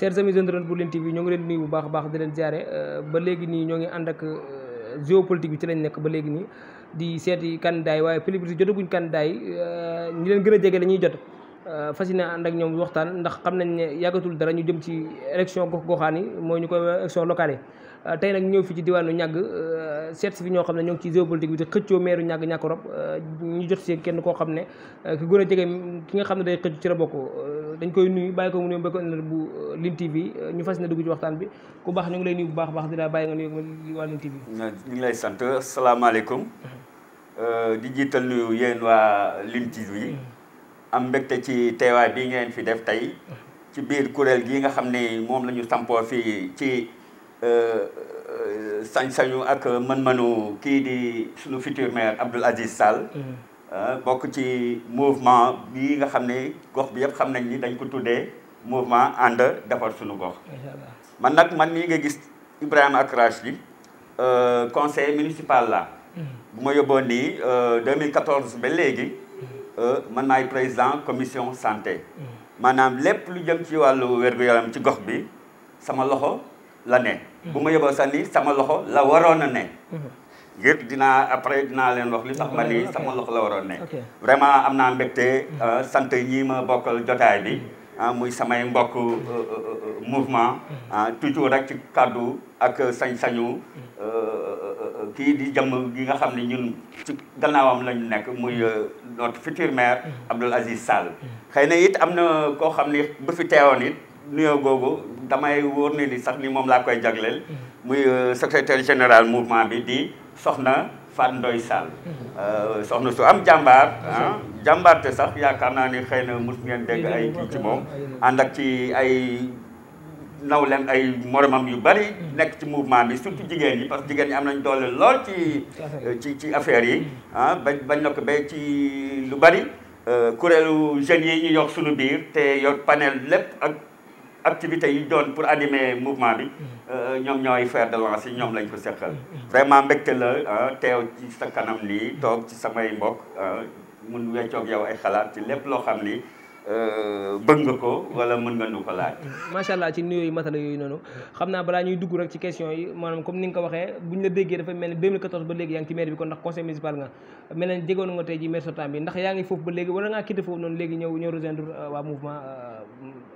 chers amis internautes bu Lune TV ñoo ngi leen nuyu bu baax a baax di leen ziare euh, ba léegi nii ñoo ngi ànd ak euh, géopolitique bi ci lañ nekk ba léegi nii di seeti candidat yi waaye Philippe jotaguñ candidat yi euh, ñi leen gën a jege la ñuy jot fas yéene ànd ak ñoom waxtaan ndax xam nañ ne yàggatul dara ñu jëm ci élection gox goxaan yi mooy ñu koy élection locale Euh, tey nag ñëw fi ci diwaanu ñàgg euh, seet si fi ñoo xam ne ñoo ngi ci géopolitique bi te xëccoo meeru ñàgg ñàkk rob euh, ñu jot si kenn koo xam ne ki gën a jege ki nga xam ne day xëcc ci la bokk dañ koy nuyu bàyyi ko mu nuyu ba ko bu Lim TV ñu fas na dugg ci waxtaan bi ku baax ñu ngi lay nuyu bu baax baax di la bàyyi nga nuyu waa Lim TV. ñu ngi lay sant salaamaaleykum mm-hmm. di jiital nuyu yéen waa Lim TV yi am mbégte ci teewaay bi ngeen fi def tey mm-hmm. ci biir kuréel gi nga xam ne moom la ñu tampoo fii ci. Euh, euh, euh, sañ-sañu ak mën-mënu kii di suñu futur maire Abdoul Aziz Sall. Mm. bokk ci mouvement bi nga xam ne gox bi yëpp xam nañ ni dañ ko tuddee mouvement ànd defar suñu gox. man nag man mii nga gis Ibrahima Akrachi bi conseil municipal la mm. bu ma yóbboon nii 2014 ba léegi. Mm. man maay président commission santé. maanaam lépp lu jëm ci wàllu wér-gu-yaram ci gox bi sama loxo la ne. bu ma yeboo sa sama loxo la waroon a ne. ngir hmm. dinaa après dinaa leen wax li tax ma lii sama loxo la waroon ne. vraiment am naa mbégte hmm. eh, sant ñi ma bokkal jotaay hmm. ah, bi muy samay mbokk eh, eh, mouvement ah, toujours rek ci kaddu ak sañ-sañu kii di jëm gi nga xam ne ñun ci gannaawam lañu nekk muy notre futur maire Abdoul Aziz Sall. xëy na it am na koo xam bu fi teewoon nuyoo googu damay wóor ne ni sax ni moom laa koy jagleel. muy euh, secrétaire général mouvement bi di soxna Fatou Ndoye Sall. Mm-hmm. Euh, soxna su am jàmbaar. Mm-hmm. Ah, jàmbaar te sax yaakaar naa ni xëy na mos ngeen dégg ay kii ci moom. Mm-hmm. ànd ak ci ay naw leen ay moromam yu bari. nekk ci mouvement bi surtout jigéen ñi parce que jigéen ñi am nañ doole lool euh, ci. ci affaire yi. ah ba bañ na ko ba ci lu bari. kuréelu jeunes yi ñu yokk suñu biir te yor panel lépp ak. activité yi doon pour animer mouvement bi ñoom ñooy faire de lancé ñoom lañ ko seqal vraiment mbégte la teew ci sa kanam lii toog ci samay mbokk mun weccoog yow ay xalaat ci lépp loo xam ni bëgg nga ko wala mën nga nu ko laaj macha allah ci nuyoo yu matala yooyu noonu xam naa balaa ñuy dugg rek ci question yi maanaam comme ni nga ko waxee la déggee dafa mel 2014 ba léegi yaa ngi ci maire bi kon ndax conseil municipal nga mel ne jegoon nga tey ji maire sotaan bi ndax yaa ngi foofu ba léegi wala ngaa kitte foofu noonu léegi ñëw ñëw rejoindre eh, waa mouvement eh,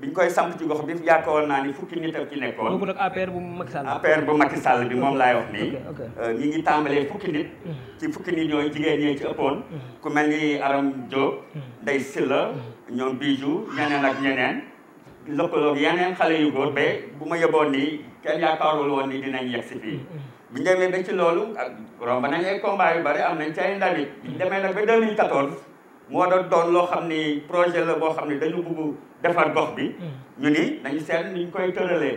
biñ koy samp ci gox bi yaakaaroon naa ni fukki nit ak ci nekkoon. boobu nag APR bu Macky Sall. APR bu Macky Sall bi moom laay wax nii. Euh, ñi ngi tàmbalee fukki nit. Mm-hmm. ci fukki nit ñooy jigéen ñee ci ëppoon. Mm-hmm. ku mel ni Aram Diop. Mm-hmm. Ndeye Sylla. ñoom Bijou ñeneen ak ñeneen. lëkkaloog yeneen xale yu góor ba bu ma yeboon nii kenn yaakaarul woon ni dinañ yegg si fii. biñ demee ba ci loolu ak romb nañ ay combat yu bari am nañ ci ay ndamit. biñ demee nag ba 2014. moo doon doon loo xam ni projet la boo xam dah dañu bugg bi hmm. ni nanti saya ni ñu koy tëralee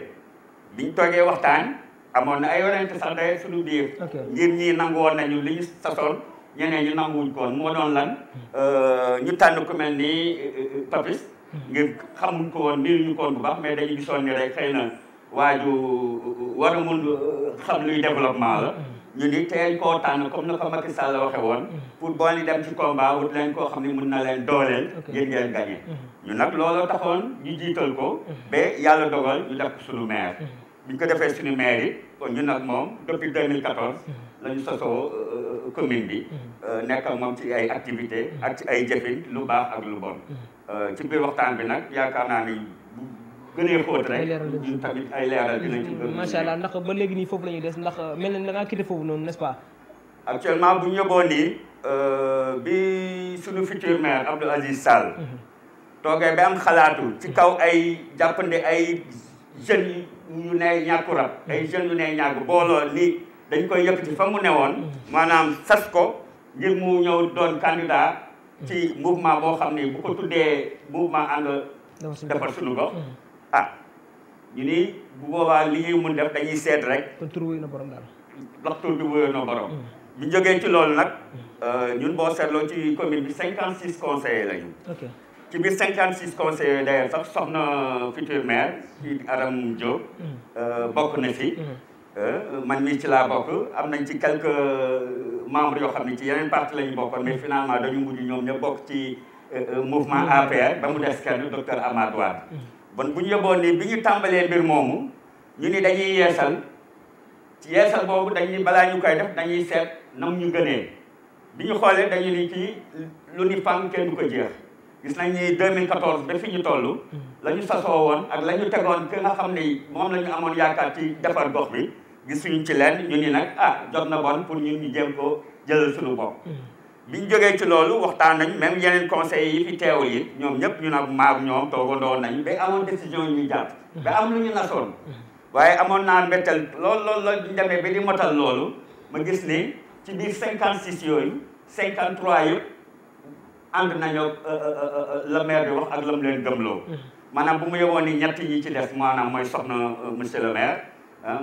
biñ toogee waxtaan amoon na ay yonente sax day suñu biir ngir ñii nangu woon nañu li ñu sasoon ñeneen ñu nangu ko woon moo doon lan hmm. euh, ñu tànn ku ni euh, euh, papis hmm. ngir xamuñ ko woon ni ñu koon bu baax ni rek xëy na waaju war a mun xam luy ñu ni teel koo tànn comme na ko Macky Sall waxe woon pour boo ni dem ci combat wut leen koo xam ne mun na leen dooleel ngir ngeen gagné mm-hmm. ñu nag looloo taxoon ñu jiital ko mm-hmm. ba yàlla dogal ñu def suñu maire mm-hmm. bi ñu ko defee suñu maire yi kon ñu nag moom depuis 2014 la sa sosoo euh, commune bi euh, nekk moom ci ay activité ak ci ay jëfin lu baax ak lu bon euh, ci biir waxtaan bi nag yaakaar naa ni gënee xóot rek ñun tamit ay leeral dinañ ci gën macha allah ndax ba léegi nii foofu la ñuy des ndax mel na da ngaa quitté foofu noonu n'est-ce pas actuellement bu ñëboon nii euh, bi suñu futur maire Abdou Aziz Sall mhm. toogee ba am xalaatu ci mhm. kaw ay jàppande ay jeunes ñu ne ñàkku rab mhm. ay jeunes ñu ne ñàkk booloo ni dañ koy yëkkati fa mu ne woon maanaam sas ko ngir mu ñëw doon candidat ci mouvement boo xam ne bu ko tuddee mouvement ànd defar suñu gox ah ñu hmm. hmm. eh, lah hmm. eh, eh, ni bu boobaa li ñuy mun def dañuy seet rek tontur wuyu na borom dara laxtu du wuyu na borom bi jógee ci loolu nag ñun boo seetloo ci commune bi 56 conseillers lañu ci biir 56 conseillers yooyu d'ailleurs sax soxna futur maire ci adam diop bokk na fi man mi ci laa bokk am nañ ci quelques membres yoo xam ne ci yeneen parti lañu bokkoon mais finalement dañu mujj ñoom ñëpp bokk ci mouvement APR ba mu des kenn docteur Amadou bon buñu yeboon ni bi ñu tàmbalee mbir moomu ñu ni dañuy yeesal ci yeesal boobu dañ ni balaa ñu koy def dañuy seet nam ñu gënee bi ñu xoolee ni ci lu ni fànn kenn du ko jeex gis nañ ni 2014 ba fi ñu toll hmm. la ñu sasoo woon ak la ñu tegoon ki nga xam ne moom la ñu amoon yaakaar ci defar gox bi gisuñu ci leen ñu ni nag ah jot na bon pour ñu ñu jéem ko jëlal suñu bopp hmm. biñ jógee ci loolu waxtaan nañ même yeneen conseil yi fi teewul yi ñoom ñëpp ñu ne maag ñoom toogandoo nañ ba amon décision ñu jàpp ba am lu ñu nasoon waaye amon naa mbettel lool lool lool ñu demee ba di motal loolu ma gis ni ci biir cinquante six yooyu cinquante trois yëpp ànd nañoo la maire bi wax ak la mu leen gëmloo maanaam bu mu yewoon ni ñett ñi ci des maanaam mooy soxna monsieur le maire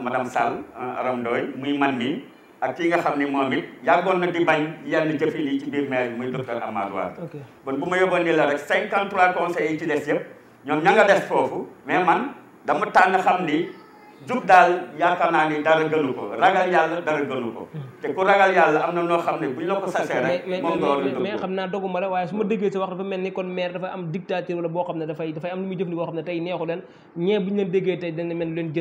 madame Sall Aram Ndoye muy man mi ak ki nga xam ne moom it yàggoon na di bañ yenn jëfin yi ci biir maire bi muy docteur Amadou Wade bu ma yóbboon ni la rek 53 conseillers yi ci des yëpp ñoom ña nga des foofu mais man dama tànn xam ni jub daal yaakaar naa ni dara gënu ko ragal yàlla dara gënu ko hmm. te ku ragal yàlla am na noo xam ne buñ la ko sasee rek moom nga war a mais xam naa doguma la waaye su ma déggee sa wax dafa mel ni kon maire dafa am dictature wala boo xam ne dafay dafay am lu muy leen ñee buñu leen déggee tey dana mel leen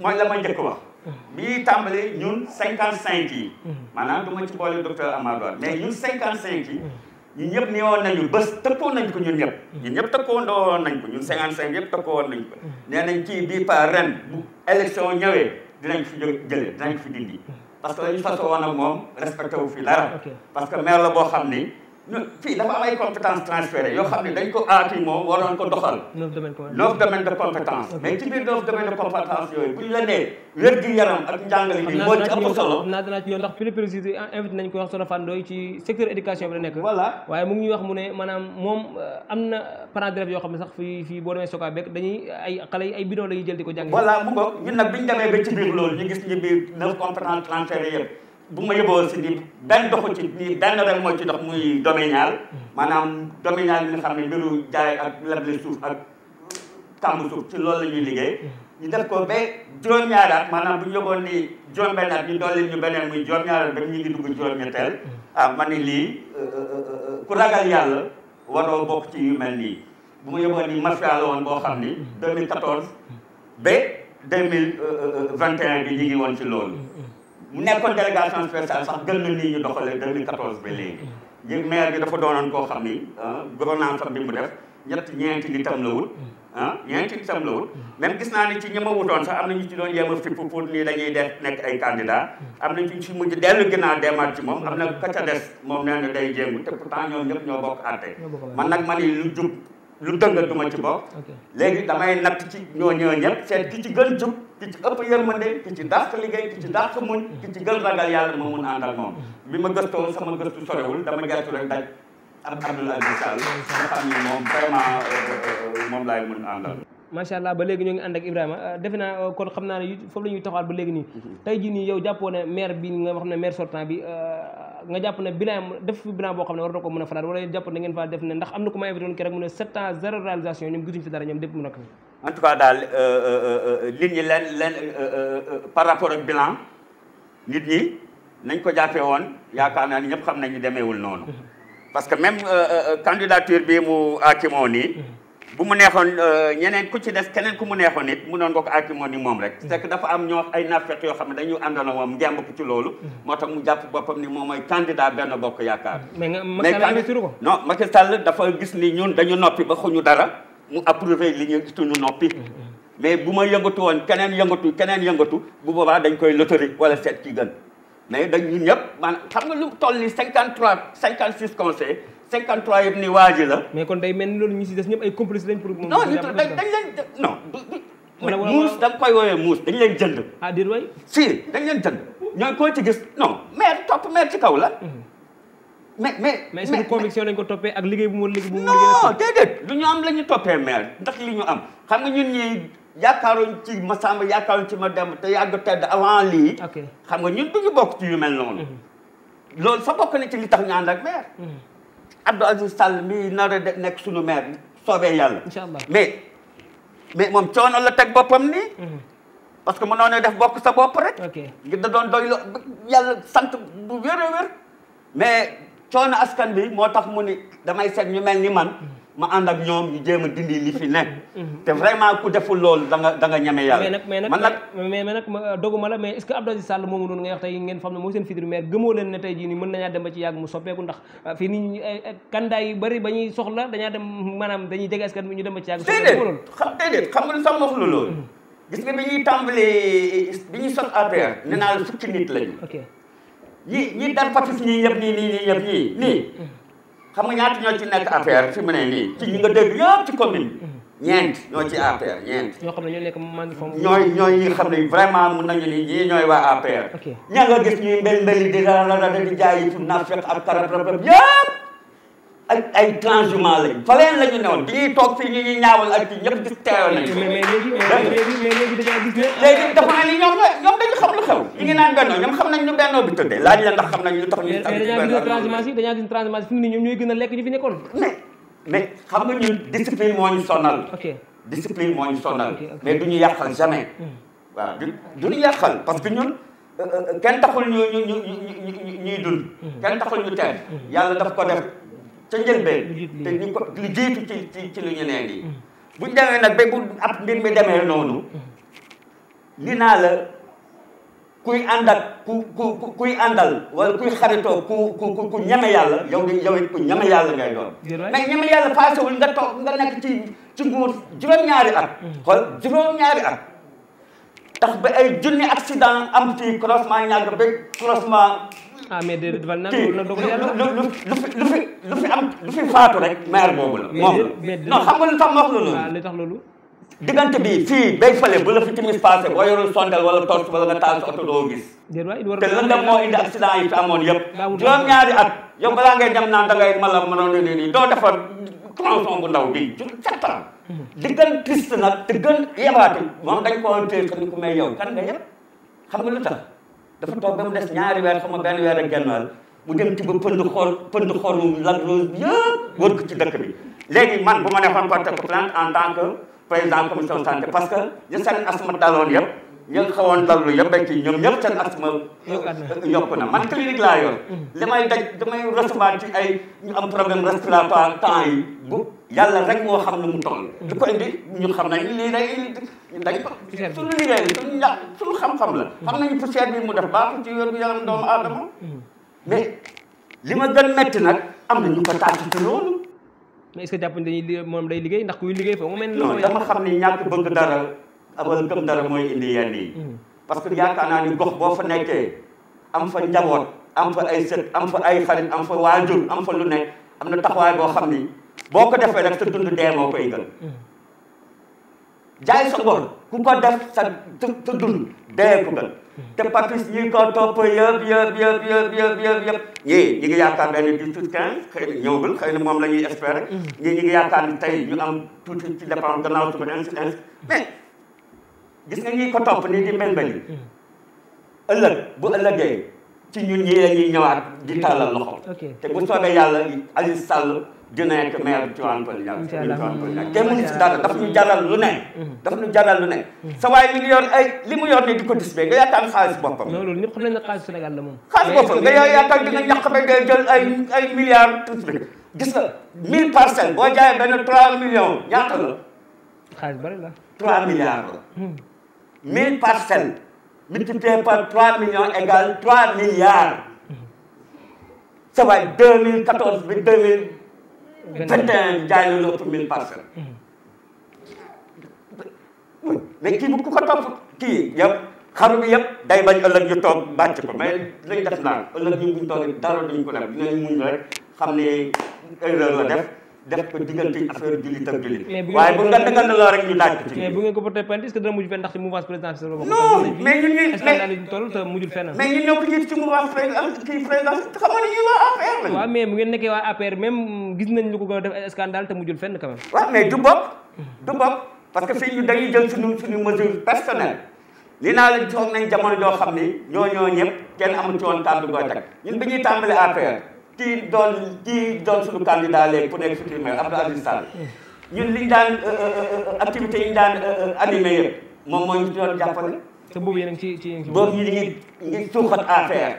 mooy la ma njëkk wax bii tàmbali ñun cinquante cinq yi maanaam du ma ci boole docteur Amadou mais ñun cinquante cinq yi ñun ñëpp ne woon nañu bés tëkkoo nañ ko ñun ñëpp ñun ñëpp tëkkoo nañ ko ñun cinquante cinq yëpp tëkkoo woon nañ ko nee nañ kii bii par ren bu élection ñëwee dinañ fi jëlee dinañ fi dindi parce que la ñu fasoo moom respecté wu fi la parce que maire la boo xam ni fii dafa am ay compétence transférées yoo xam ne dañ ko aaki moom waroon ko doxal neuf domaine de compétence mais ci biir neuf domaine de compétence yooyu buñ la nee wér moo naa danaa ci ñëw ndax le ko wax ne maanaam moom am yoo xam ne sax fii fii boo demee soka bekk dañuy ay la ñuy ko jàng voilà mu ngoog biñ demee ba ci biir loolu ñu gis ñu biir neuf compétence transférées yëpp bu ma yóbboo si nii benn doxu ci nii benn rek moo ci dox muy domanial maanaam domanial bi nga xam ne mbiru jaay ak leble suuf ak tàmb suuf ci loolu la liggéey ñu def ko ba juróom-ñaari at maanaam bu ñu yóbboon ni juróom-benn at ñu dolli ñu beneen muy juróom-ñaari ba ñu ngi dugg juróom-ñetteel ah ma ne lii euh, euh, euh, ku ragal yàlla waroo bokk ci yu mel nii bu ma yóbboon ni mafia la woon boo xam ni 2014 mm. ba 2021 bi ñu ngi woon ci loolu mu nekkoon délégation spéciale sax gën na nii ñu doxalee 2014 ba léegi. yéen maire bi dafa doonoon koo xam ni gouvernance bi mu def ñett ñeenti nitam la wut. ñeenti nitam la wut. même gis naa ni ci ñi ma wutoon sax am na ñu ci doon jéem a nii dañuy def nekk ay candidat am na ñu ci mujj dellu ginnaaw demaat ci moom am na ka ca des moom nee na day jéngu te pourtant ñoom ñëpp ñoo bokk àtte man nag ma ni lu jub lu dëng du ma ci bokk léegi damay natt ci ñoo ñoo ñëpp seet ki ci gën jub ki ci ëpp yërmande ki ci dàq liggéey ki ci dàq muñ ki ci gën ragal yàlla ma mun ànd ak moom bi ma gëstoo sama gëstu sorewul dama gertu rek daj ak Abdoulaye Sall nga xam ni moom vraiment euh, euh, euh, moom laay mun àndal macha allah ba léegi ñoo ngi ànd ak Ibrahima euh, defe naa euh, kon xam naa ne foofu la ñuy taxawal ba léegi nii mm-hmm. tey jii nii yow jàppoo ne maire bi nga xam ne maire sortant bi euh, nga jàpp ne bilan def fi bilan boo xam ne war na ko mën a falaat wala jàpp ne ngeen fa def ne ndax am daal nit ñi leen leen par rapport ak bilan nit ñi nañ ko jàppee woon yaakaar naa ni ñëpp xam nañu demeewul noonu mm-hmm. parce que même candidature bi mu aakimoo nii mm-hmm. bu mu neexoon euh, ñeneen ku ci des keneen ku mu neexoon it mu noon nga ko akimoo ni moom rek mm-hmm. c'est dafa am ñoo ay nafeq yoo xam ne dañu àndoona moom ngemb loolu mm-hmm. moo tax mu jàpp boppam ni moom mooy candidat benn bokk yaakaar mm-hmm. mais non Macky Sall gis ni ñun dañu noppi ba xuñu dara mu approuvé li ñu tuñu noppi mais bu ma yëngatu woon keneen yëngatu keneen yëngatu bu boobaa dañ koy loterie wala seet ki gën mais dañ ñun ñëpp maanaam xam nga lu toll ni cinquante trois cinquante six conseils 53 yëpp ni waa ji la. mais kon day mel ni loolu ñu si des ñëpp ay complices lañ pour. moom dañ leen non. wala wala muus da koy wooye muus dañ leen jënd. ah déedéet waay. si dañ leen jënd ñooy koo ci gis no maire topp maire ci kaw la. Mhm. mais mais mais suñu conviction lañ ko toppee ak liggéey bu mu liggéey bu mu liggéey. non déedéet lu ñu am la ñu toppee maire ndax li ñu am xam nga ñun ñii yaakaaroon ci Massamba yaakaaroon ci ma dem te yàgg tedd avant lii. xam nga ñun du ñu bokk ci yu mel noonu. Mhm. loolu sa bokk na ci li tax ñu ànd ak Abdou Aziz Sall mi nara de nek sunu mer sobe yalla inshallah mais mais mom choono la tek bopam ni mhm. parce que monone def bok sa bop rek ok ngi da don doylo yalla sante bu wer wer mais choono askan bi motax mu ni damay set ñu melni man mhm. ma ànd ak ñoom ñu a dindi li fi nekk. Mhm. te vraiment ku deful loolu da nga da nga ñeme yàlla. mais nag man nag euh, doguma la mais est ce que Abdou Aziz noonu nga wax tey ngeen xam ne mooy seen futur maire gëmoo leen ne tey jii nii mën nañaa dem ba ci yàgg mu soppeeku ndax euh, fii nii kandaay yu bëri ba ñuy soxla dañaa dem maanaam dañuy jege askan ñu dem ba ci yàgg. soppeeku loolu déedéet loolu. Mhm. gis nga bi ñuy tàmbalee bi ñuy sos APR nee naa la nit lañu. ok ñii ñii nii xam nga ñaata ñoo ci nekk APR fi mu ne nii ci ñi nga dégg yëpp ci commune ñeent ñoo ci APR ñeent ñoo xam ne ñoo nekk maa ngi foofu ñooy ñooy ñi nga xam ne vraiment mun nañu ni ñii ñooy waa APR ña nga gis ñuy mbel mbeli di di jaay yi tu nafiq ak karab rab ak ay transhumant lañ fa leen la ñu newoon bi ñuy toog fii ñu ñuy ñaawal ak ci ñëpp gis teewoon nañ mais léegi léegi léegi dafa mel ni ñoom ñoom dañu xam lu xew ñu ngi naan bennoo ñoom xam nañ ñu bennoo bi tëddee laaj la ndax xam nañ lu tax ñu transhumance yi dañaa gis transhumance fi mu ne ñoom ñooy gën a lekk ñu fi nekkoon mais mais xam nga ñun discipline moo ñu sonal discipline moo ñu sonal mais du ñu yàqal jamais waaw du ñu yàqal parce que ñun kenn taxul ñu ñu ñu ñuy dund kenn taxul ñu teer yàlla daf ko def ca be te ñu ko li jiitu ci ci ci lu ñeneen yi mm. bu ñu demee nag ba bu ab mbir mi demee noonu li mm. naa la kuy ànd ak ku ku kuy àndal wala kuy xaritoo ku ku ku ñeme yàlla yow di yow it ku ñeme yàlla ngay doon mais ñeme yàlla paasewul nga toog nga nekk ci ci nguur juróom-ñaari at mm. xool juróom-ñaari at tax ba ay junni accident am ci croisement ñàgg ba croisement ah mais déedéet bal na loolu na dogal yàlla lu fi lu faatu rek la moom ma wax la loolu bi fii bay fale bu la fi timis passé boo yorul sondel doo gis moo indi accident yi fi amoon yëpp juróom ñaari at yow balaa ngay dem naan da ngay mala ne nii doo defar tronçon bu ndaw bi ju sept ans di gën triste nag di gën yebaate moom dañ ko téye ko ni ko may nga yëpp xam nga lu dafa toog ba mu des ñaari weer xam nga benn weer ak genn mu dem ci ba pënd xool pënd xoolu Lac Rose bi yëpp wër ko ci dëkk bi léegi man bu ma neexoon porté ko plainte en tant que président commission santé parce que ñu seen asma daloon yëpp ña nga xawoon dallu yëpp rek ñoom ñëpp seen asma yokku na man clinique laa yor. li may daj damay recevoir ci ay ñu am problème respiratoire temps yi bu yàlla rek moo xam ne mu toll. du ko indi ñu xam nañ lii day dañ ko suñu liggéey suñu yà suñu xam-xam la. xam nañu poussière bi mu def baaxul ci wér gu yaram doomu aadama mais li ma gën metti am na ñu ko tànn ci loolu. mais est-ce que jàpp dañuy moom day liggéey ndax kuy liggéey foofu mu mel. non dama xam bëgg dara. abal gëm dara mooy indi yenn yi hmm. parce que yaakaar naa ni gox boo fa nekkee am fa njaboot am fa ay sët am fa ay xarit am fa waajur am fa lu nekk am na taxawaay boo xam ni boo ko defee rek sa dund dee moo koy gën hmm. jaay sa ngor ku ko def sa sa dund dee ko gën hmm. te papis yi ko topp yëpp yëpp yëpp yëpp yëpp yëpp yëpp ñii ñi ngi yaakaar benn di tuuti quinze xëy na ñëwagul xëy na moom la ñuy espérer ñii ñi ngi yaakaar ni tey ñu am tuuti ci dépend gannaaw suba ainsi ainsi mais gis nga ñi ko topp ni di mel meli mm. ëllëg bu ëllëgee ci ñun ñii la ñuy ñëwaat di tàllal loxo te bu soobee yàlla Aliou Sall dina nekk maire bi Tivaouane Peulh Niaga Tivaouane Peulh Niaga kenn mënu si dara daf ñu jaral mm. mm. sa waay mi ay li mu yor ne di ko dis bee nga yaakaar xaalis boppam non loolu ñëpp xam nañ ne xaalis Sénégal la moom xaalis boppam nga yow yaakaar dina ñàkk ba ngay jël ay ay milliards tout gis nga mille parcelles boo jaayee benn trois millions ñaata la xaalis bari trois milliards 1000 parcelles multipliées par 3 millions égale 3 milliards. Ça va 2014 bi 2021 jaay nañu ëpp 1000 parcelles. mais kii bu ku ko topp kii yëpp xaru bi yëpp day bañ ëllëg ñu toog bàcc ko mais dañ def naan ëllëg ñu toog dara duñ ko def dinañ muñ rek xam ne erreur la def. def ko diggante affaire jullit ak jullit waaye bu ngand ngand la rek ñu laaj ko ci mais bu ngeen ko porté plainte est-ce que dana mais ñun nga ñuy waa APR lañ waaw nekkee waa APR même gis nañ lu ko gën a def ay scandale te mujjul fenn quand même waaw mais du bopp du bopp parce que fii ñu dañuy jël suñu suñu mesure personnelle li naa la toog nañ jamono joo xam ne ñoo ñoo ñëpp kenn amu ci woon kàddu goo teg ñun bi ñuy tàmbali APR tidol tidol sulu kali dale pune sulu mel abdul aziz sal yun li dan eh, eh, eh, activité yi dan ali meyer mom moy do jappal te bobu yeneng ci ci bo yi ni ngi soufat affaire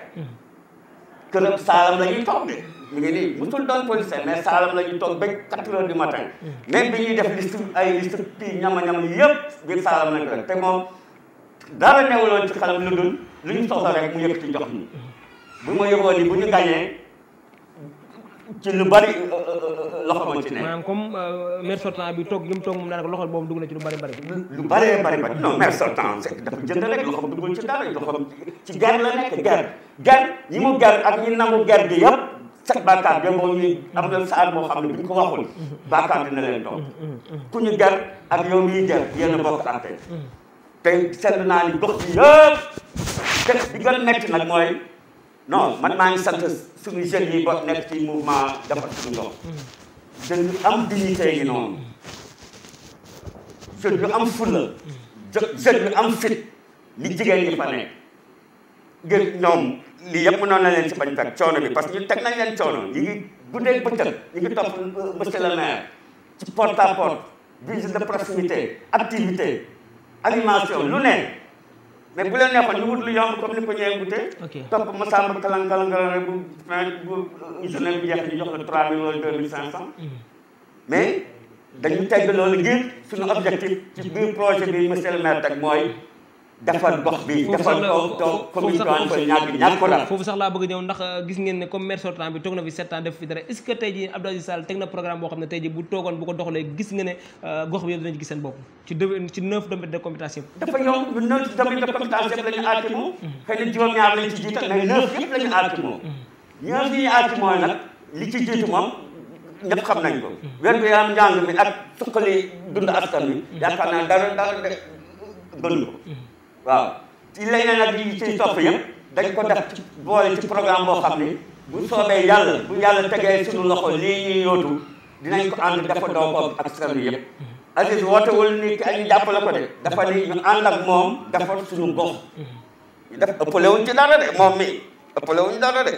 keureup salam la ñu tok de mi ngi ni musul don police mais salam la ñu tok ba 4h du matin même bi ñi def liste ay liste pi ñama ñam yépp bi salam la ko te mom dara newul ci xalam lu dul lu ñu soxal rek mu yëkati jox ni bu ma yobone bu ñu gagné ci lu bari euh, euh, euh, loxo moo ci ne. maanaam comme maire sortant bi toog li mu toog moom daanaka loxo boobu dugg na ci lu bari bari. lu bari bari bari non maire sortant dafa jënd rek loxo duggul ci dara loxo ci ger la nekk ger ger yi mu ger ak ñi nangu ger gi yëpp sa bàkkaar bi moo ñuy am na saar boo xam ak yow miy ger a naa ni gox bi yëpp te bi gën a nekk nag mooy No, man mang sa tu sungi sa ni bot nep ti mu ma dapat tunggu. Jadi mm. am di ni cai ni non. Jadi am full. Jadi am fit. Ni jaga ni pane. Gen nom liap mu nona yang sepanjang tak cion ni pas ni tak nanya yang cion ni. Jadi gundel pecah. Jadi top mesti Cepat tapot. Bisa depresi ni te. Aktiviti. Animasi. Lunen. mais bu leen neexoon ñu wut lu yomb comme ni ko ñëwee wutee. ok topp Massamba kalang kalang kalang bu bu journée bi jeex ñu jox la 3000 wala 2500. Mhm. mais dañu tegg loolu ngir suñu objectif ci biir projet bi monsieur le maire mooy. defar gox bi defar toog toog commune bi ñàkk ñàkk ko dara foofu sax laa bëgg ñëw ndax euh, gis ngeen ne comme maire sortant bi toog na fi sept ans def fi dara est ce que tey jii Abdou Aziz Sall teg na programme boo xam ne tey jii bu toogoon bu ko doxalee gis nga ne euh, gox bi yow dinañ gis seen bopp ci ci neuf domaines de compétence yëpp dafa yomb neuf domaines de compétence yëpp la ñu aati moom xëy na juróom-ñaar lañ ci jiital mais neuf yëpp la ñu aati moom mm. ñoom ñuy aati mooy nag li ci jiitu moom ñëpp xam nañ ko wér gu yaram njàng mi ak suqali dund askan wi yaakaar naa dara dara gënu ko mm. waaw ci leneen nag yi ci topp yëpp dañ ko def ci boole ci programme boo xam ni bu soobee yàlla bu yàlla tegee suñu loxo lii ñuy yóotu dinañ ko ànd dafa doo ko ak seen yëpp Aziz wootewul ni ki añu jàppale ko de dafa ni ñu ànd ak moom dafa suñu gox def ëppale wuñ ci dara de moom mi ëppale wuñ de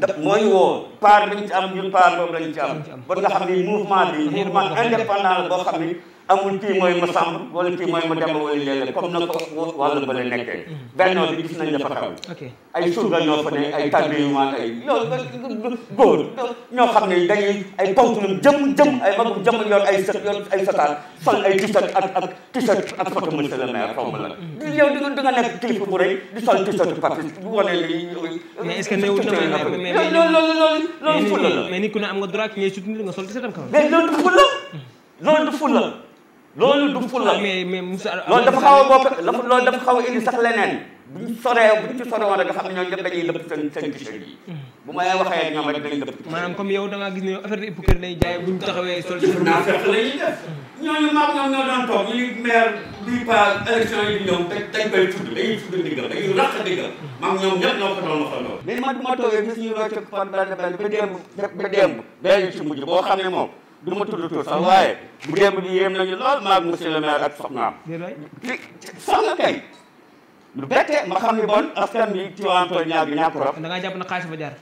da mooy woo part bi ñu ci am ñun part boobu lañ ci am ba xam ni mouvement bi mouvement indépendant la boo xam ni amul kii mooy ma sàmm wala kii mooy ma demba wala léeg-léeg comme na ko wàllu bële nekkee bennoo bi gis nañ dafa xaw ay surga ñoo fa ne ay tàmbiyumaan ay loolu góor ñoo xam ne dañuy ay ponklu jëm jëm ay magum jëm yor ay sët yor ay sataat sol ay t-shirt ak ak t-shirt ak photo monsieur le maire xaw ma la yow di nga di nga nekk kilifa bu rëy di sol t-shirt parti bu wane li mais est-ce que néew loolu loolu loolu loolu fula la mais nit ku ne am nga droit ki ngay soutenir nga sol t-shirt am mais loolu du fula loolu du fula loolu du fulla mais mais Moussa loolu dafa xaw a bokk loolu dafa xaw a indi sax leneen buñ soree buñ ci sorewoon rek nga xam ne ñoom ñëpp dañuy lëpp seen seen t-shirt ma waxee ñoom da ngaa gis ne affaire ñoo doon toog ñuy maire bii pas élection yi di ñëw dañ koy tudd dañuy tudd ndigal dañuy raq ndigal maag ñoom ñëpp ko doon waxandoo mais man ma toogee gis ñu loo ci kon benn benn ba démb ba démb benn ci mujj boo xam ne moom du ma tudd tur sax waaye bu démb bi yéem nañu lool maag monsieur le maire ak soxnaam soxna kay lu bette ma xam ne bon askan bi Tivaouane Peulh ñaar bi rab da jàpp na xaalis fa jaar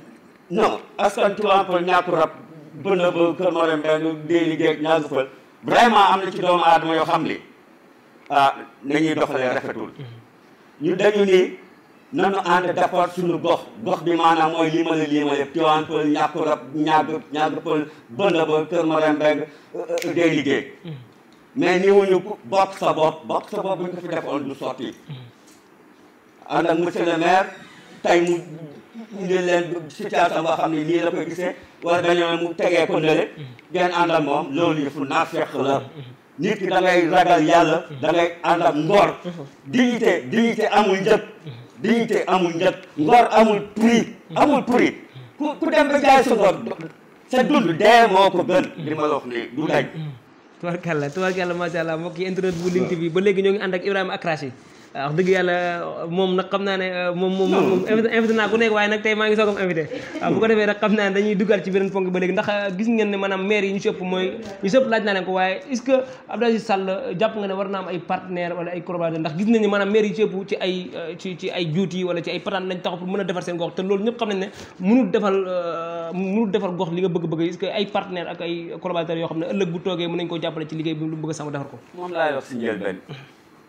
non askan Tivaouane Peulh ñàkku rab bën na ba kër Marème Mbengue déeli géeg ñaagu fël vraiment am na ci doomu aadama yoo xam ne ah nañuy doxalee rafetul mm-hmm. ñu dañu ni nanu ànd defar suñu gox gox bi maanaam mooy li ma la lii ma lépp Tivaouane Peulh ñàkkurab ñàgg ñàgg Peulh ba kër Marème Mbengue euh, euh, liggéey mais ni wuñu bokk sa bopp bokk sa bopp bu ñu ko fi defoon du sotti ànd ak monsieur le maire mu indi leen situation boo xam nii la ko gisee wala dañoo mu tegee ko ndële ngeen ànd ak moom loolu yëfu naafeq la nit ki da ragal yàlla da ànd ak ngor mm-hmm. dignité dignité amul njëkk diite amul njëg ngor amul prix amul prix ku ku dem ba jaay sa bor sa dund dee moo ko gën li ma la wax ni du daj hmm. tubaar kàlla tubaar kàlla macha allah mbokk yi internet bu lin tv ba léegi ñoo ngi ànd ak ibrahima akrasi wax dëgg yàlla moom nag xam naa ne euh, moom moom moom invité naa ku nekk waaye nag tey maa ngi soogam invité waaw ah, bu ko defee nag xam naa ne dañuy dugal ci beneen ponk ba léegi ndax euh, gis ngeen ne maanaam maire yi ñu sëpp mooy ñu sëpp laaj naa leen ko waaye est-ce que Abdou Aziz Sall euh, jàpp nga ne war na am ay partenaire wala ay collaborateur ndax gis nañ ne maanaam maire yi sëpp ci ay ci ci ay juuti wala ci ay patane lañ taxaw pour a defar seen gox te loolu ñëpp xam nañ nga bëgg-bëgg est-ce que ay xam ne ëllëg bu toogee mën nañ koo jàppale ci liggéey bi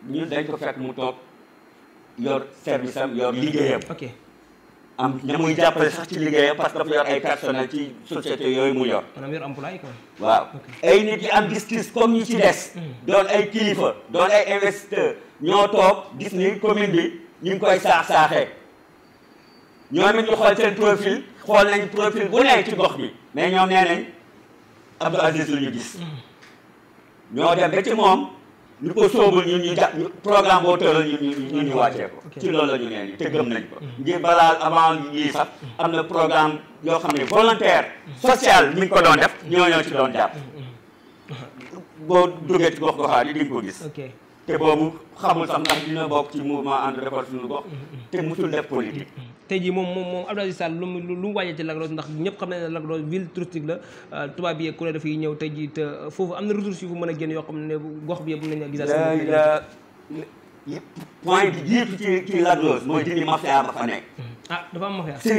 ñun dañ ko fekk mu toog yor service am yor liggéeyam. am na muy jàppale sax ci liggéeyam parce que dafa yor ay personnel ci société yooyu mu yor. maanaam yor employé quoi. waaw ay nit yi am gis-gis comme ñi ci des. Mm. doon ay kilifa doon ay investisseur ñoo toog gis ni commune bi ñu ngi koy saax saaxee. ñoom it ñu xool seen profil xool nañ profil bu nekk ci gox bi mais ñoom nee nañ Abdou Aziz ñu gis. Mm. ñoo dem ba ci moom. ñu ko sóobul ñun ñu ja programme boo tëral ñun ñu ñu wàccee ko ci loolu la ñu nee nii te gëm nañ ko ngir balaa avant ñii sax am na programme yoo xam ne volontaire social mi ngi ko doon def ñoo ñoo ci doon jàpp boo duggee ci gox goxaa yi di nga ko gis te boobu xamul sax ndax dina bokk ci mouvement ànd récolte suñu gox mm-hmm. te musul def politique tey jii moom moom moom Abdou Aziz Sall lu mu lu mu wàññi ci Lac Rose ndax ñëpp xam nañ ne Lac Rose ville touristique la euh, tubaab yi kuréel dafay ñëw tey jii te foofu am na ressources yu fa mën a génn yoo xam ne gox point bi jiitu ci ci mooy dindi mafia ba hmm. ah dafa am mafia si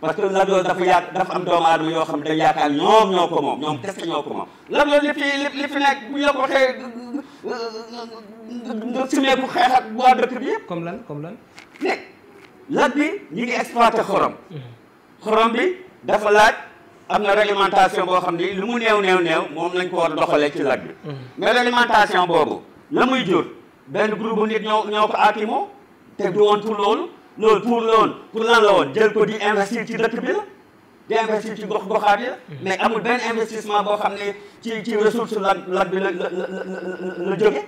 parce que Lac dafa yaak dafa am doomu yoo xam dañ yaakaar ñoom ñoo ko moom ñoom kese ñoo ko moom Lac li fi li fi nekk bu ñu la ko xeex ak waa dëkk bi yëpp comme lan comme lan lat bi ñu ngi exploité xorom xorom bi dafa laaj am na réglementation boo xam ni lu mu néew néew néew moom lañ ko war doxalee ci lat bi mm-hmm. mais réglementation boobu la muy jur benn groupe bu nit ñoo ñoo ko aatimo te du woon pour loolu loolu pour loolu pour lan la woon jël ko di investir ci dëkk bi la di investir ci gox goxaat yi la mm-hmm. mais amul benn investissement boo xam ne ci ci ressource lat lat bi la la la la jóge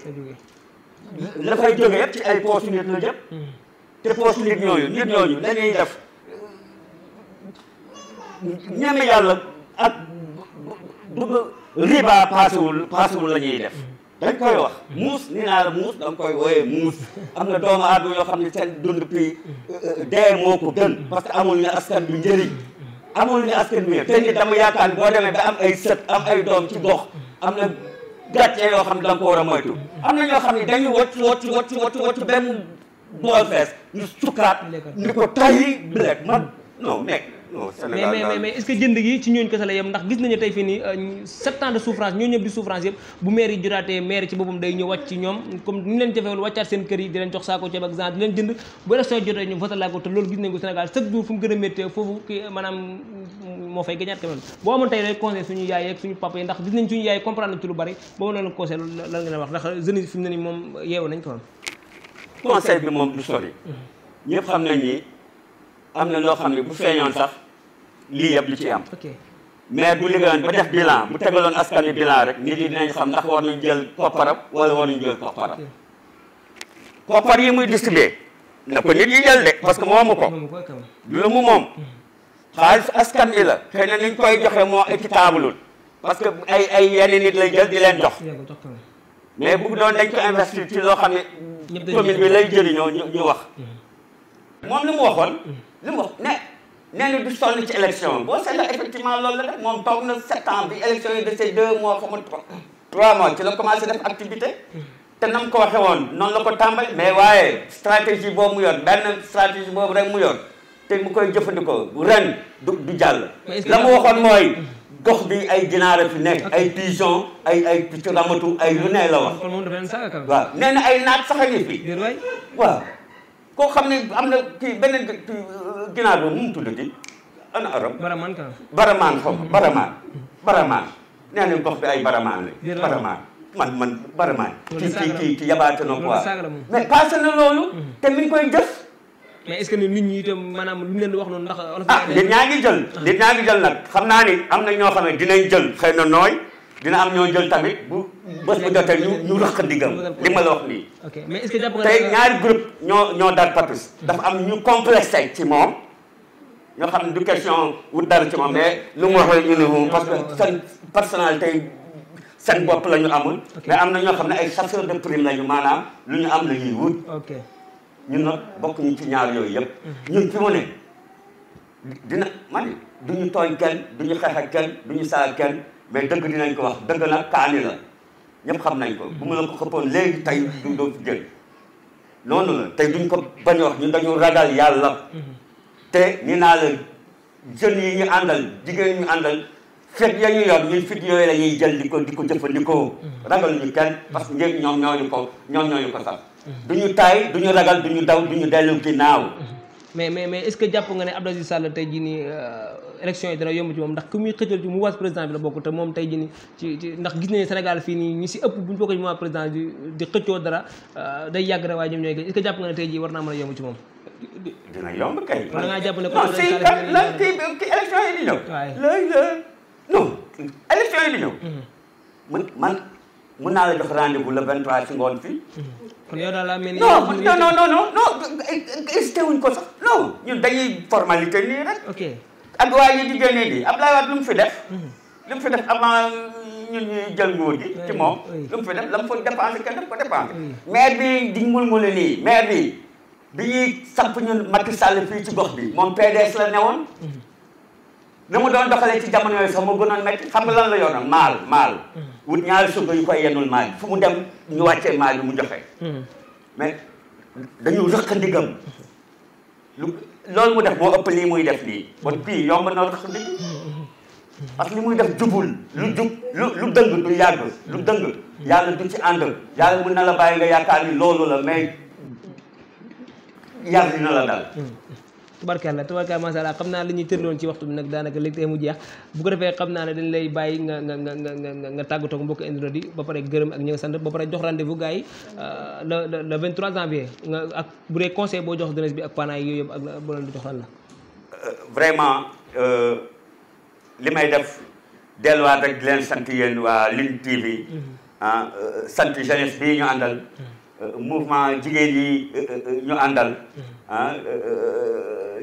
la fay jóge yëpp ci ay poche te poche nit ñooñu nit ñooñu dañuy def ñeme yàlla ak bëgg riba paasewul paasewul la ñuy def dañ koy wax muus ni naa la muus da koy wooyee muus am na doomu aadama yoo xam ne seen dund pi euh, dee moo ko gën parce que amul ne askan bi njëriñ amul ne askan bi te nit dama yaakaar boo demee ba am ay sët am ay doom ci gox am na gàcce yoo xam ne da nga ko war a moytu am na ñoo xam ne dañuy wocc wocc wocc benn bool fees ñu sukkaat ni ko tayyi bi rek man non mec non Sénégal mais ndax gis nañu tey fii nii euh, sept souffrance ñoo ñëpp di souffrance yëpp bu maire jotaatee maire ci boppam day ñëw wàcc ci ñoom comme ni leen jafewul wàccaat seen kër yi di leen jox saako ceeb ak genre di leen jënd bu élection jotee ñu voté laa ko te loolu gis nañ ko Sénégal fu mu gën a méttee foofu ki moo fay gëñaat quand même boo amoon tey rek conseil suñu yaay ak suñu papa yi ndax gis nañ suñu yaay comprendre ci lu bari boo ma doon conseil lan nga leen wax ndax jeunes yi ne nii moom yeewu nañ ko conseil bi moom du sori. ñëpp xam nañ ni am na loo xam ne bu feeñoon sax lii yëpp lu ci am. maire bu liggéeyoon ba def bilan bu tegaloon askan wi bilan rek nit yi dinañ xam ndax war nañ jël kopparam wala war nañ jël kopparam. koppar yi muy distribué na ko nit yi jël de parce que moomu ko. du la mu moom. Hmm. xaalis askan wi la xëy na niñ koy joxe moo équitablewul parce que ay ay yenn nit lay jël di leen jox mais bu doon dañ ko investir ci loo xam ne commune bi lay ñoo ñu wax moom li mu waxoon li mu wax ne nee na du sonn ci élection boo seetloo effectivement loolu la def moom toog na sept ans bi élection yi de ces deux mois xaw trois mois ci la commencé def activité te nam ko waxee woon noonu la ko tàmbali mais waaye stratégie boobu mu yoon yor benn stratégie boobu rek mu yor te mu koy jëfandikoo ren du du jàll la mu waxoon mooy mm-hmm. gox bi ay ginaar fi nekk ay pigeon ay ay picc ramatu ay lu ne la wax waaw nee na ay naat sax a ngi fi waaw koo xam ne am na kii beneen euh, ginaar boobu nu mu tuddati ana aram baramaan kan baramaan xam mm-hmm. baramaan mm-hmm. baramaan nee na gox bi ay baramaan la baramaan man man baramaan kii kii kii kii yabaate na quoi mais passé na loolu mm-hmm. te mi koy def mais est ce que nit ñi itam maanaam lu ñu leen di wax noonu ndax olof ah nit ñaa ngi jël ah. nit ñaa ngi jël nag xam naa ni am na ñoo xam ne dinañ jël xëy na nooy dina am ñoo jël tamit bu bés bu jotee ñu ñu rëq diggam li ma la wax nii mais tey ñaari groupe ñoo ñoo daal patus dafa am ñu complexe tey ci moom ñoo xam ne du question wut dara ci moom mais lu mu wax ñu ne parce que seen personnalité seen bopp la ñu amul mais am na ñoo xam ne ay chasseurs de prime la ñu maanaam lu ñu am ñun nag bokk ñu ci ñaar yooyu yëpp ñun fi mu dina man du ñu tooñ kenn du ñu xeex ak kenn du ñu saa kenn mais dëgg dinañ ko wax dëgg nag kaani la ñëpp xam nañ ko bu mu la ko xëppoon léegi tey du doo fi jël noonu la tey duñ ko bañ wax ñun dañu ragal yàlla te ñu naa la jeunes yi ñu àndal jigéen ñu àndal fekk ya ñu yoon ñun fit yooyu la ñuy jël di ko di ko mm-hmm. ragal ñu kenn parce que ñoom ñooñu ko ñoom ñooñu ko sax Mm-hmm. du ñu taay du ñu ragal du ñu daw du ñu dellu ginnaaw. Mm-hmm. mais mais mais est-ce que jàpp nga ne Abdou Aziz Sall tey jii nii euh, élection yi dana yomb ci moom ndax ku muy xëccal ci mouvance président bi la bokk te moom tey jii nii ci ci ndax gis nañu Sénégal fii nii ñu si ëpp bu ñu bokkee ci mouvance président di di xëccoo dara euh, day yàgg rek waaye ñoom ñooy gën est-ce que jàpp nga ne tey jii war naa mën a yomb ci moom. dina yomb kay. da jàpp ne ko non la waay léegi la non élection yi di mm-hmm. naa la jox rendez-vous si ngoon fii. kon yow daal laa mel ni. non non non ko sax non ñun dañuy formalité nii rek. ok ak waa yi di génnee nii Abdoulaye Wade lu mu fi def. Mhm. lu mu fi def avant ñun ñuy jël nguur gi. ci moom lu mu fi def la mu fa dépensé kenn daf ko dépensé. maire bi di mulmul nii maire bi bi ñuy samp ñun Macky Sall fii ci gox bi moom PDS la newoon. na mhm. mu doon doxalee ci jamono yooyu sax mu gënoon metti xam nga la yoroon maal maal. Mhm. wut ñaar suba yu koy yenul maag fu mu dem ñu wàccee maag mu joxe mais dañu rëq ndigam lu loolu mu def moo ëpp lii muy def nii bon bii yomb na rëq ndig parce li muy def jubul lu jub lu lu dëng du yàgg lu dëng yàgg du ci ànd yàgg mu na la bàyyi nga yaakaar ni loolu la mais yàgg na la dal hmm. tubarkalla tubarkalla macha allah xam naa li ñuy tërloon ci waxtu bi nag daanaka léegi tey mu jeex bu ko defee xam naa ne dañ lay bàyyi nga nga nga nga nga tàggatoo ak mbokk internet yi ba pare gërëm ak ñi nga sant ba pare jox rendez-vous gars yi euh, le le 23 janvier nga ak bu dee conseil boo jox jeunesse bi ak parents yi yooyu yëpp ak boo jox lan la. Euh, vraiment euh, may def delluwaat rek leen sant yéen waa Lune TV. Mm-hmm. Ah, sant jeunesse bii ñu àndal. Mm-hmm. mouvement jigéen yi ñu àndal. Mm-hmm. Ah,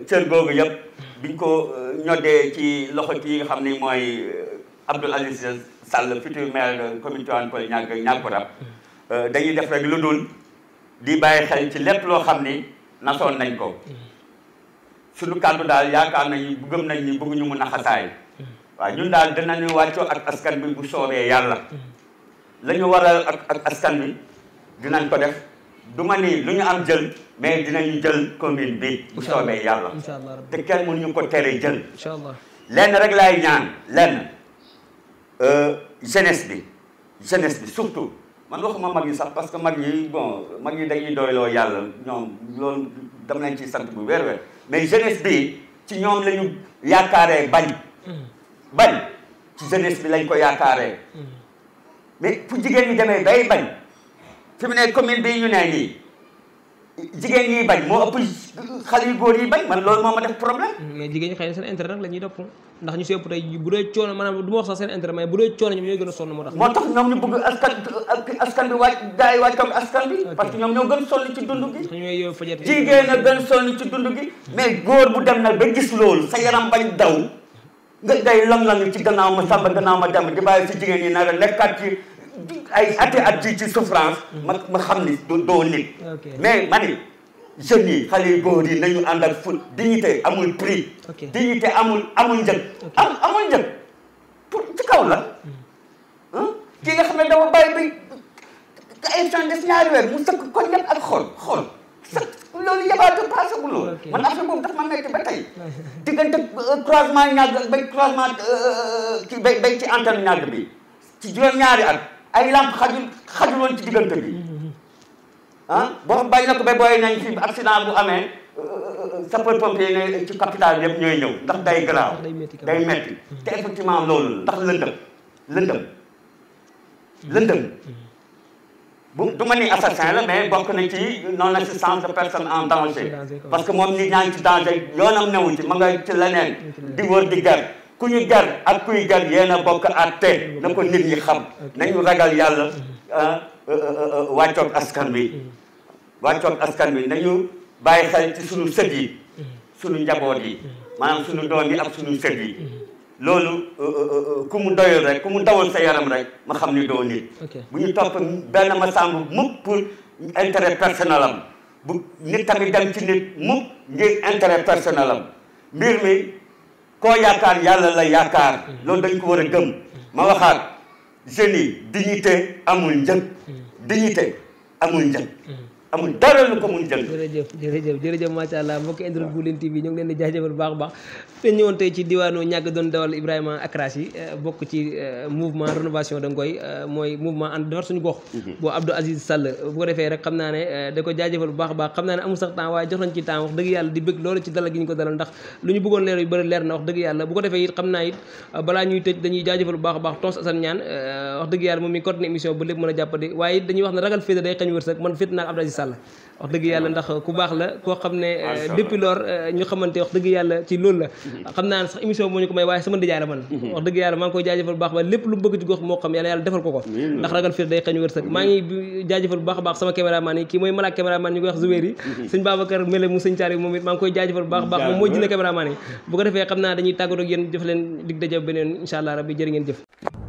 cër googu yëpp biñ ko euh, ñoddee ci loxo ki nga xam ne mooy euh, Abdoul Aziz Sall futur maire commune Tivaouane Peulh ñàgg ñàgg ko rab euh, dañuy def rek lu dul di bàyyi xel ci lépp loo xam ni nasoon nañ ko suñu kàddu daal yaakaar nañu gëm nañ ni bëgguñu mu naxasaay waaw ñun daal dinañu wàccoo ak askan bi bu soobee yàlla mm-hmm. lañu ñu waral ak ak askan bi dinañ ko def du ma ni lu ñu am jël mais dinañu jël commune bi bu soobee yàlla te kenn mënuñu ko tere jël lenn rek laay ñaan lenn euh, jeunesse bi jeunesse bi surtout man ma mag ñi sax parce que mag ñi bon mag ñi dañuy doyloo yàlla ñoom loolu dama leen ci sant bu wér wér mais jeunesse bi ci ñoom la ñu yaakaaree bañ hmm. bañ ci jeunesse bi lañ ko yaakaaree pu hmm. fu jigéen ñi demee day bañ fi mu ne commune bi ñu ne nii jigéen ñi bañ moo ëpp xale yu bañ man loolu moo ma def problème mais jigéen ñi xëy na seen intérêt rek la ñuy ndax ñu si ëpp bu dee coono maanaam ñoom a sonn moo tax ñoom ñu bëgg askan askan bi wàcc bi parce que ñoom ñoo gën sonn ci dund gi ñooy fajat jigéen a gën sonn ci dund mais góor bu dem nag ba gis loolu sa yaram bañ daw nga lang-lang ci gannaaw ma sàmba gannaaw ma dem di bàyyi si jigéen ñi nara lekkaat ci ay ati at ci ci ma xam ni doo nit. mais ma ni jeunes yi xale yu góor yi nañu ànd ak ful dignité amul prix. dignité amul amul njëg. am amul njëg pour ci kaw la. Hmm. ki nga xam ne dafa bàyyi bi ay temps des ñaari weer mu sëkk ko ñett ak xool xool. loolu yabaatu passé gu loolu man a affaire boobu daf ma metti ba tey diggante euh, croisement ñàgg bay croisement euh, kii bay bay ci antenne ñàgg bi ci juróom ñaari at ay lamp xajul xajul won ci digënté bi han bo bàyyi na ko ba boy nañ fi accident bu amee sapeur pompier ne ci capital yépp ñoy ñëw ndax day graw day metti té effectivement loolu ndax lëndëm lëndëm lëndëm bu du ni assassin la mais bokk na ci non assistance de personne en danger parce que mom nit ñang ci danger yoonam newu ci ma nga ci lenen di wër di gar ku ñu gan ak kuy gan yéen a bokk àtte na ko nit ñi xam nañu ragal yàlla ah, euh, euh, euh, wàccoog askan wi wàccoog askan wi nañu bàyyi xel ci suñu sët yi suñu njaboot yi maanaam suñu doom yi ak suñu sët yi loolu ku mu doyul rek ku mu dawal sa yaram rek ma xam ni doo nit bu ñu topp benn ma sàmb mukk pour intérêt personnel am bu nit tamit dem ci nit mukk ngir intérêt personnel mbir mi koo yaakaar yàlla la yaakaar loolu dañ ko war a gëm ma waxaat jeunes yi dignité amul njëg hmm. dignité amul njëg hmm. amul dara lu ko mun jël jërëjëf jërëjëf jërëjëf macha allah mbokki internet bu Lune TV ñu ngi leen di jaajëfal baax baax te ñëwoon tey ci diwaanu ñàgg doon dawal Ibrahima Akrassi eh, bokk ci eh, eh, mooy mouvement ànd defar mhm. ñu ko dalal ndax lu ñu bëggoon leer na wax dëgg yàlla bu ko defee it xam naa it balaa ñuy tëj dañuy jaajëfal bu baax baax Tons Assane Niane wax dëgg yàlla moom mi coordonné émission ba lépp mën a jàppandi waaye it dañuy wax ne ragal féete day xañ wërsëg man féete naa Abdou Aziz Sall wax dëgg yàlla ndax ku baax la koo xam ne euh, depuis lors euh, ñu xamante wax dëgg yàlla ci loolu la xam naa sax émission moo ñu ko may waaye sama ndijaay la man wax dëgg yàlla maa ngi koy jaajëfal baax ba baax a mooy malaak caméraman ñu yi sëñ a defee xam naa dañuy tàggatoo ak yéen jëf leen beneen incha allah rabbi jërë ngeen jëf